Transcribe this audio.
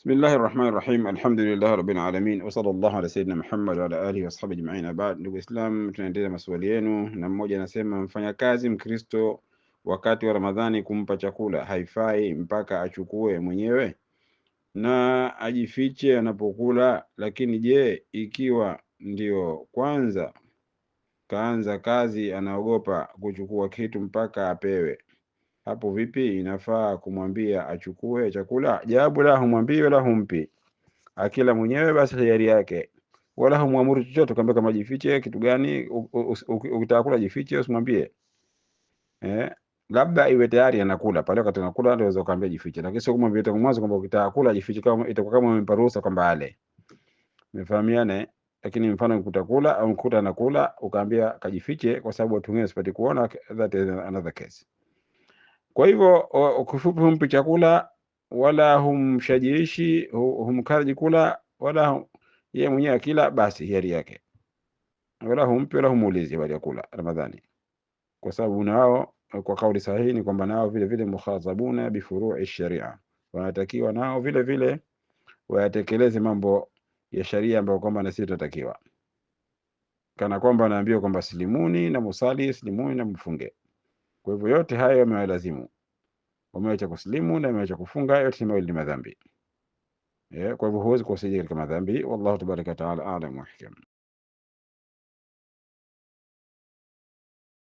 بسم الله الرحمن الرحيم الحمد لله رب العالمين وصلى الله ala سيدنا Muhammad وعلى اله alihi اجمعين بعد Abad, ndugu Islam, tunaendelea maswali yenu, na mmoja anasema mfanyakazi Mkristo wakati wa Ramadhani kumpa chakula haifai mpaka achukue mwenyewe na ajifiche anapokula. Lakini je, ikiwa ndio kwanza kaanza kazi, anaogopa kuchukua kitu mpaka apewe hapo vipi? Inafaa kumwambia achukue chakula? Jawabu la, humwambii wala humpi, akila mwenyewe basi hiari yake, wala humwamuru chochote, kwamba kama jifiche kitu gani. Ukitaka kula jifiche, usimwambie eh, labda iwe tayari anakula pale, wakati anakula ndio unaweza kumwambia jifiche, lakini sio kumwambia tangu mwanzo kwamba ukitaka kula jifiche, kama itakuwa kama umempa ruhusa kwamba ale. Umefahamiane? Eh? Lakini mfano mkuta kula au mkuta anakula, ukaambia kajifiche, kwa sababu watu wengine wasipate kuona, that is another case. Kwa hivyo kwa kifupi, humpi chakula wala humshajiishi, humkarji kula wala yeye mwenyewe akila, basi hiari yake, wala humpi wala humuulizi habari ya kula Ramadhani, kwa sababu nao kwa kauli sahihi ni kwamba nao vile vile mukhatabuna bifurui sharia, wanatakiwa nao vile vile wayatekeleze mambo ya sharia ambayo kwamba na sisi tunatakiwa, kana kwamba anaambiwa kwamba silimuni na musali, silimuni na mfunge. Kwa hivyo yote hayo yamewalazimu, wameacha kuslimu na wameacha kufunga, yote ni madhambi. Eh, kwa hivyo huwezi kuwasaidia katika madhambi. Wallahu tabaraka wataala alam wa hakim.